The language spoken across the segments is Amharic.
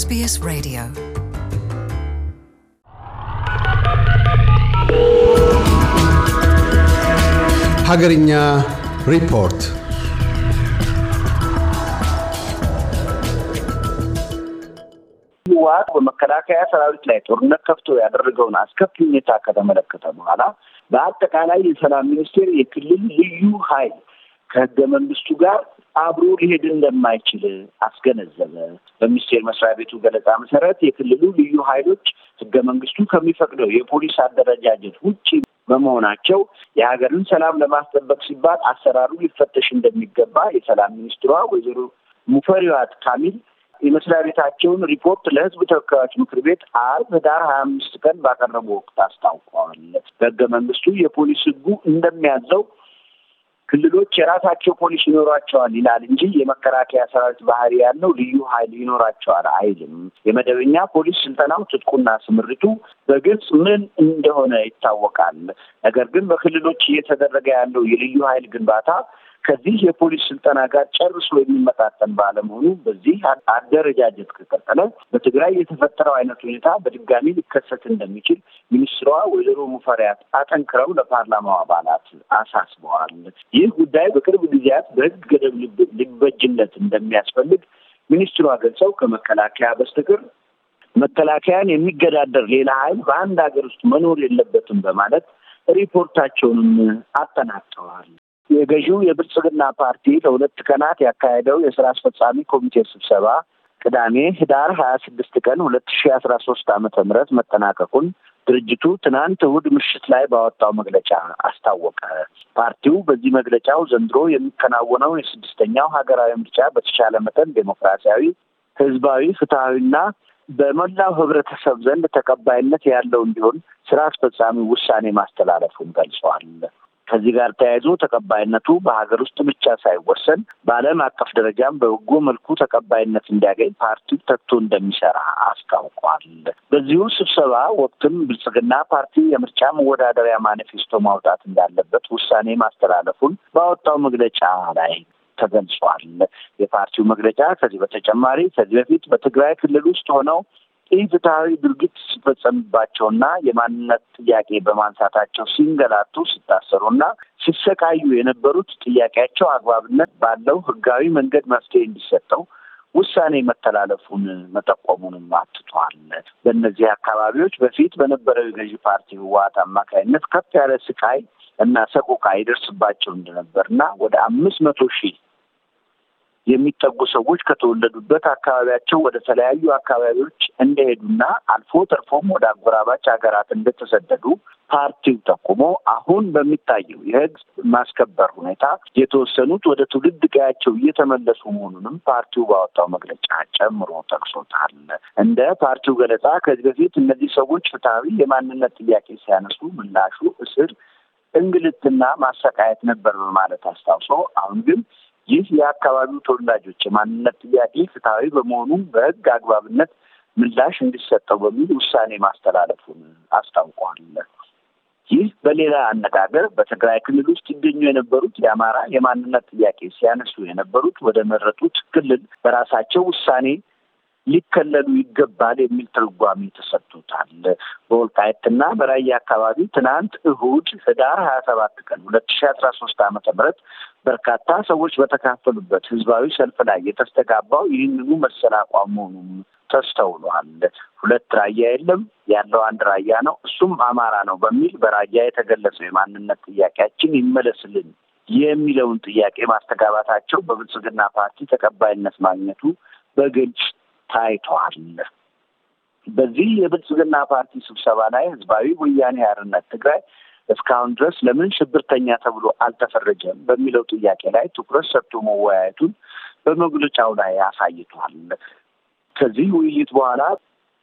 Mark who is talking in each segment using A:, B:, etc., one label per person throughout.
A: SBS Radio. ሀገርኛ ሪፖርት ህወሓት በመከላከያ ሰራዊት ላይ ጦርነት ከፍቶ ያደረገውን አስከፊ ሁኔታ ከተመለከተ በኋላ በአጠቃላይ የሰላም ሚኒስቴር የክልል ልዩ ኃይል ከህገ መንግስቱ ጋር አብሮ ሊሄድ እንደማይችል አስገነዘበ። በሚኒስቴር መስሪያ ቤቱ ገለጻ መሰረት የክልሉ ልዩ ኃይሎች ህገ መንግስቱ ከሚፈቅደው የፖሊስ አደረጃጀት ውጭ በመሆናቸው የሀገርን ሰላም ለማስጠበቅ ሲባል አሰራሩ ሊፈተሽ እንደሚገባ የሰላም ሚኒስትሯ ወይዘሮ ሙፈሪያት ካሚል የመስሪያ ቤታቸውን ሪፖርት ለህዝብ ተወካዮች ምክር ቤት አርብ ህዳር ሀያ አምስት ቀን ባቀረቡ ወቅት አስታውቀዋል። በህገ መንግስቱ የፖሊስ ህጉ እንደሚያዘው ክልሎች የራሳቸው ፖሊስ ይኖሯቸዋል ይላል እንጂ የመከላከያ ሰራዊት ባህሪ ያለው ልዩ ኃይል ይኖራቸዋል አይልም። የመደበኛ ፖሊስ ስልጠናው፣ ትጥቁና ስምሪቱ በግልጽ ምን እንደሆነ ይታወቃል። ነገር ግን በክልሎች እየተደረገ ያለው የልዩ ኃይል ግንባታ ከዚህ የፖሊስ ስልጠና ጋር ጨርሶ የሚመጣጠን ባለመሆኑ በዚህ አደረጃጀት ከቀጠለ በትግራይ የተፈጠረው አይነት ሁኔታ በድጋሚ ሊከሰት እንደሚችል ሚኒስትሯ ወይዘሮ ሙፈሪያት አጠንክረው ለፓርላማው አባላት አሳስበዋል። ይህ ጉዳይ በቅርብ ጊዜያት በህግ ገደብ ሊበጅለት እንደሚያስፈልግ ሚኒስትሯ ገልጸው ከመከላከያ በስተቀር መከላከያን የሚገዳደር ሌላ ኃይል በአንድ ሀገር ውስጥ መኖር የለበትም በማለት ሪፖርታቸውንም አጠናቅቀዋል። የገዢው የብልጽግና ፓርቲ ለሁለት ቀናት ያካሄደው የስራ አስፈጻሚ ኮሚቴ ስብሰባ ቅዳሜ ህዳር ሀያ ስድስት ቀን ሁለት ሺ አስራ ሶስት አመተ ምህረት መጠናቀቁን ድርጅቱ ትናንት እሁድ ምሽት ላይ ባወጣው መግለጫ አስታወቀ። ፓርቲው በዚህ መግለጫው ዘንድሮ የሚከናወነው የስድስተኛው ሀገራዊ ምርጫ በተሻለ መጠን ዴሞክራሲያዊ፣ ህዝባዊ፣ ፍትሐዊና በመላው ህብረተሰብ ዘንድ ተቀባይነት ያለው እንዲሆን ስራ አስፈጻሚ ውሳኔ ማስተላለፉን ገልጸዋል። ከዚህ ጋር ተያይዞ ተቀባይነቱ በሀገር ውስጥ ብቻ ሳይወሰን በዓለም አቀፍ ደረጃም በበጎ መልኩ ተቀባይነት እንዲያገኝ ፓርቲው ተግቶ እንደሚሰራ አስታውቋል። በዚሁ ስብሰባ ወቅትም ብልጽግና ፓርቲ የምርጫ መወዳደሪያ ማኒፌስቶ ማውጣት እንዳለበት ውሳኔ ማስተላለፉን ባወጣው መግለጫ ላይ ተገልጿል። የፓርቲው መግለጫ ከዚህ በተጨማሪ ከዚህ በፊት በትግራይ ክልል ውስጥ ሆነው ኢፍትሐዊ ድርጊት ሲፈጸምባቸውና የማንነት ጥያቄ በማንሳታቸው ሲንገላቱ፣ ሲታሰሩና ሲሰቃዩ የነበሩት ጥያቄያቸው አግባብነት ባለው ሕጋዊ መንገድ መፍትሄ እንዲሰጠው ውሳኔ መተላለፉን መጠቆሙንም አትቷል። በእነዚህ አካባቢዎች በፊት በነበረው የገዢ ፓርቲ ህወሀት አማካኝነት ከፍ ያለ ስቃይ እና ሰቆቃ ይደርስባቸው እንደነበርና ወደ አምስት መቶ ሺህ የሚጠጉ ሰዎች ከተወለዱበት አካባቢያቸው ወደ ተለያዩ አካባቢዎች እንደሄዱና አልፎ ተርፎም ወደ አጎራባች ሀገራት እንደተሰደዱ ፓርቲው ጠቁሞ አሁን በሚታየው የሕግ ማስከበር ሁኔታ የተወሰኑት ወደ ትውልድ ቀያቸው እየተመለሱ መሆኑንም ፓርቲው ባወጣው መግለጫ ጨምሮ ጠቅሶታል። እንደ ፓርቲው ገለጻ ከዚህ በፊት እነዚህ ሰዎች ፍትሐዊ የማንነት ጥያቄ ሲያነሱ ምላሹ እስር፣ እንግልትና ማሰቃየት ነበር በማለት አስታውሶ አሁን ግን ይህ የአካባቢው ተወላጆች የማንነት ጥያቄ ፍትሐዊ በመሆኑ በህግ አግባብነት ምላሽ እንዲሰጠው በሚል ውሳኔ ማስተላለፉን አስታውቋል። ይህ በሌላ አነጋገር በትግራይ ክልል ውስጥ ይገኙ የነበሩት የአማራ የማንነት ጥያቄ ሲያነሱ የነበሩት ወደ መረጡት ክልል በራሳቸው ውሳኔ ሊከለሉ ይገባል የሚል ትርጓሜ ተሰጥቶታል። በወልቃየትና በራያ አካባቢ ትናንት እሁድ ህዳር ሀያ ሰባት ቀን ሁለት ሺ አስራ ሶስት ዓመተ ምህረት በርካታ ሰዎች በተካፈሉበት ህዝባዊ ሰልፍ ላይ የተስተጋባው ይህንኑ መሰል አቋም መሆኑም ተስተውሏል። ሁለት ራያ የለም ያለው አንድ ራያ ነው፣ እሱም አማራ ነው በሚል በራያ የተገለጸው የማንነት ጥያቄያችን ይመለስልን የሚለውን ጥያቄ ማስተጋባታቸው በብልጽግና ፓርቲ ተቀባይነት ማግኘቱ በግልጽ ታይቷል። በዚህ የብልጽግና ፓርቲ ስብሰባ ላይ ህዝባዊ ወያኔ ሓርነት ትግራይ እስካሁን ድረስ ለምን ሽብርተኛ ተብሎ አልተፈረጀም በሚለው ጥያቄ ላይ ትኩረት ሰጥቶ መወያየቱን በመግለጫው ላይ አሳይቷል። ከዚህ ውይይት በኋላ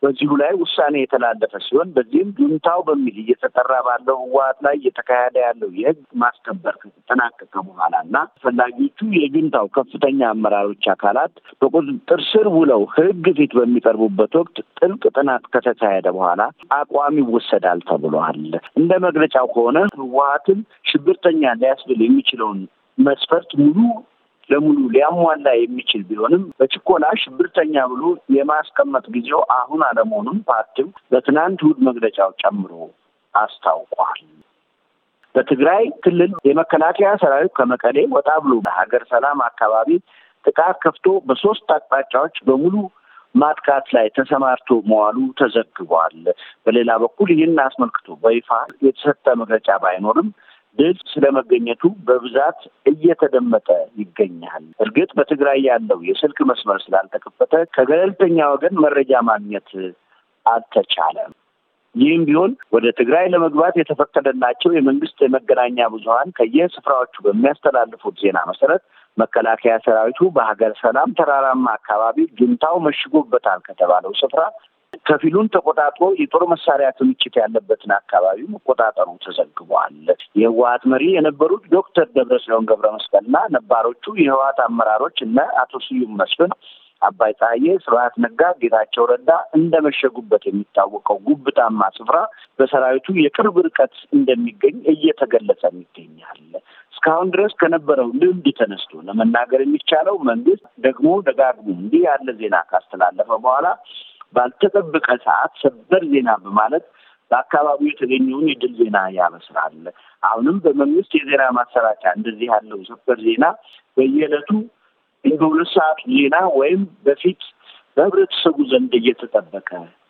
A: በዚሁ ላይ ውሳኔ የተላለፈ ሲሆን በዚህም ጁንታው በሚል እየተጠራ ባለው ህወሀት ላይ እየተካሄደ ያለው የህግ ማስከበር ከተጠናቀቀ በኋላ እና ፈላጊዎቹ የጁንታው ከፍተኛ አመራሮች አካላት በቁጥጥር ስር ውለው ህግ ፊት በሚቀርቡበት ወቅት ጥልቅ ጥናት ከተካሄደ በኋላ አቋም ይወሰዳል ተብሏል። እንደ መግለጫው ከሆነ ህወሀትን ሽብርተኛ ሊያስብል የሚችለውን መስፈርት ሙሉ ለሙሉ ሊያሟላ የሚችል ቢሆንም በችኮላ ሽብርተኛ ብሎ የማስቀመጥ ጊዜው አሁን አለመሆኑን ፓርቲው በትናንት እሑድ መግለጫው ጨምሮ አስታውቋል። በትግራይ ክልል የመከላከያ ሰራዊት ከመቀሌ ወጣ ብሎ በሀገር ሰላም አካባቢ ጥቃት ከፍቶ በሶስት አቅጣጫዎች በሙሉ ማጥቃት ላይ ተሰማርቶ መዋሉ ተዘግቧል። በሌላ በኩል ይህን አስመልክቶ በይፋ የተሰጠ መግለጫ ባይኖርም ድምፅ ስለመገኘቱ በብዛት እየተደመጠ ይገኛል። እርግጥ በትግራይ ያለው የስልክ መስመር ስላልተከፈተ ከገለልተኛ ወገን መረጃ ማግኘት አልተቻለም። ይህም ቢሆን ወደ ትግራይ ለመግባት የተፈቀደላቸው የመንግስት የመገናኛ ብዙኃን ከየስፍራዎቹ በሚያስተላልፉት ዜና መሰረት መከላከያ ሰራዊቱ በሀገር ሰላም ተራራማ አካባቢ ጁንታው መሽጎበታል ከተባለው ስፍራ ከፊሉን ተቆጣጥሮ የጦር መሳሪያ ክምችት ያለበትን አካባቢ መቆጣጠሩ ተዘግቧል። የህወሀት መሪ የነበሩት ዶክተር ደብረጽዮን ገብረ መስቀልና ነባሮቹ የህወሀት አመራሮች እነ አቶ ስዩም መስፍን አባይ ፀሐዬ፣ ስብሀት ነጋ፣ ጌታቸው ረዳ እንደመሸጉበት የሚታወቀው ጉብታማ ስፍራ በሰራዊቱ የቅርብ ርቀት እንደሚገኝ እየተገለጸ ይገኛል። እስካሁን ድረስ ከነበረው ልምድ ተነስቶ ለመናገር የሚቻለው መንግስት ደግሞ ደጋግሞ እንዲህ ያለ ዜና ካስተላለፈ በኋላ ባልተጠበቀ ሰዓት ሰበር ዜና በማለት በአካባቢው የተገኘውን የድል ዜና ያበስራል። አሁንም በመንግስት የዜና ማሰራጫ እንደዚህ ያለው ሰበር ዜና በየዕለቱ በሁለት ሰዓቱ ዜና ወይም በፊት በህብረተሰቡ ዘንድ እየተጠበቀ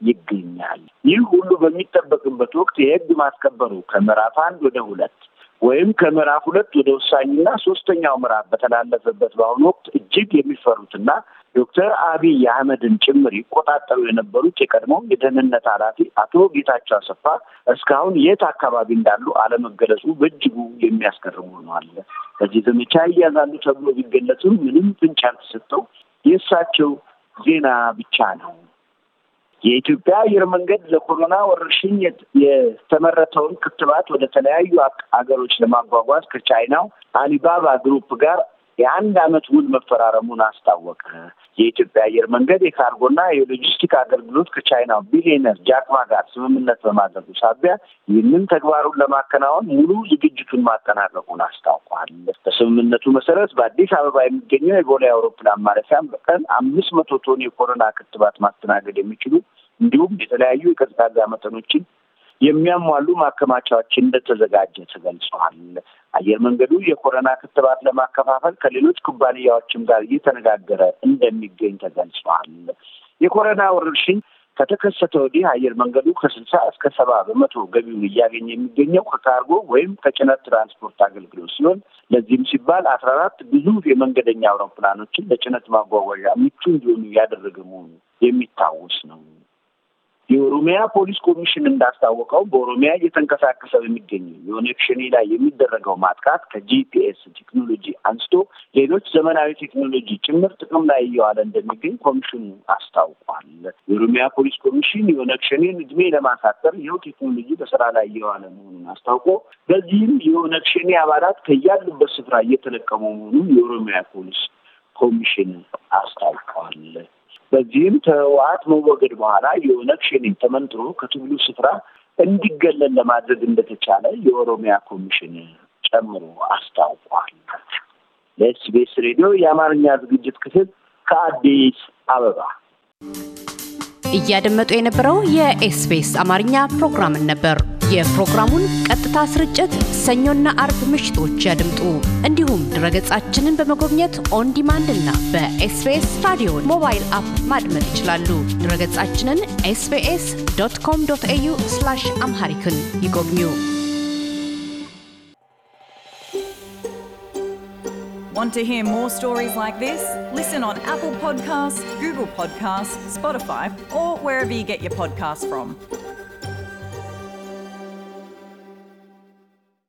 A: ይገኛል። ይህ ሁሉ በሚጠበቅበት ወቅት የህግ ማስከበሩ ከምዕራፍ አንድ ወደ ሁለት ወይም ከምዕራፍ ሁለት ወደ ወሳኝና ሶስተኛው ምዕራፍ በተላለፈበት በአሁኑ ወቅት እጅግ የሚፈሩትና ዶክተር አብይ አህመድን ጭምር ይቆጣጠሩ የነበሩት የቀድሞው የደህንነት ኃላፊ አቶ ጌታቸው አሰፋ እስካሁን የት አካባቢ እንዳሉ አለመገለጹ በእጅጉ የሚያስገርም አለ። በዚህ ዘመቻ እያዛሉ ተብሎ ቢገለጽም ምንም ፍንጭ ያልተሰጠው የእሳቸው ዜና ብቻ ነው። የኢትዮጵያ አየር መንገድ ለኮሮና ወረርሽኝ የተመረተውን ክትባት ወደ ተለያዩ አገሮች ለማጓጓዝ ከቻይናው አሊባባ ግሩፕ ጋር የአንድ አመት ውል መፈራረሙን አስታወቀ። የኢትዮጵያ አየር መንገድ የካርጎና የሎጂስቲክ አገልግሎት ከቻይናው ቢሊዮነር ጃክማ ጋር ስምምነት በማድረጉ ሳቢያ ይህንን ተግባሩን ለማከናወን ሙሉ ዝግጅቱን ማጠናቀቁን አስታውቋል። በስምምነቱ መሰረት በአዲስ አበባ የሚገኘው የቦሌ አውሮፕላን ማረፊያም በቀን አምስት መቶ ቶን የኮሮና ክትባት ማስተናገድ የሚችሉ እንዲሁም የተለያዩ የቀዝቃዛ መጠኖችን የሚያሟሉ ማከማቻዎች እንደተዘጋጀ ተገልጿል። አየር መንገዱ የኮሮና ክትባት ለማከፋፈል ከሌሎች ኩባንያዎችም ጋር እየተነጋገረ እንደሚገኝ ተገልጿል። የኮረና ወረርሽኝ ከተከሰተ ወዲህ አየር መንገዱ ከስልሳ እስከ ሰባ በመቶ ገቢውን እያገኘ የሚገኘው ከካርጎ ወይም ከጭነት ትራንስፖርት አገልግሎት ሲሆን ለዚህም ሲባል አስራ አራት ብዙ የመንገደኛ አውሮፕላኖችን ለጭነት ማጓጓዣ ምቹ እንዲሆኑ ያደረገ መሆኑ የሚታወስ ነው። የኦሮሚያ ፖሊስ ኮሚሽን እንዳስታወቀው በኦሮሚያ እየተንቀሳቀሰ በሚገኘው የኦነግ ሸኔ ላይ የሚደረገው ማጥቃት ከጂፒኤስ ቴክኖሎጂ አንስቶ ሌሎች ዘመናዊ ቴክኖሎጂ ጭምር ጥቅም ላይ እየዋለ እንደሚገኝ ኮሚሽኑ አስታውቋል። የኦሮሚያ ፖሊስ ኮሚሽን የኦነግ ሸኔን እድሜ ለማሳጠር ይኸው ቴክኖሎጂ በስራ ላይ እየዋለ መሆኑን አስታውቆ በዚህም የኦነግ ሸኔ አባላት ከያሉበት ስፍራ እየተለቀሙ መሆኑን የኦሮሚያ ፖሊስ ኮሚሽን አስታውቋል። በዚህም ከህወሀት መወገድ በኋላ የኦነግ ሸኔ ተመንጥሮ ከትግሉ ስፍራ እንዲገለል ለማድረግ እንደተቻለ የኦሮሚያ ኮሚሽን ጨምሮ አስታውቋል። ለኤስቢኤስ ሬዲዮ የአማርኛ ዝግጅት ክፍል ከአዲስ አበባ እያደመጡ የነበረው የኤስቢኤስ አማርኛ ፕሮግራምን ነበር። የፕሮግራሙን ቀጥ በቀጥታ ስርጭት ሰኞና አርብ ምሽቶች ያድምጡ። እንዲሁም ድረገጻችንን በመጎብኘት ኦን ዲማንድ እና ራዲዮ ሞባይል አፕ ማድመጥ ይችላሉ። ድረገጻችንን ዶት ኮም ዶት ኤዩ አምሃሪክን ይጎብኙ። Want to hear more stories like this? Listen on Apple Podcasts, Google Podcasts, Spotify, or wherever you get your podcasts from.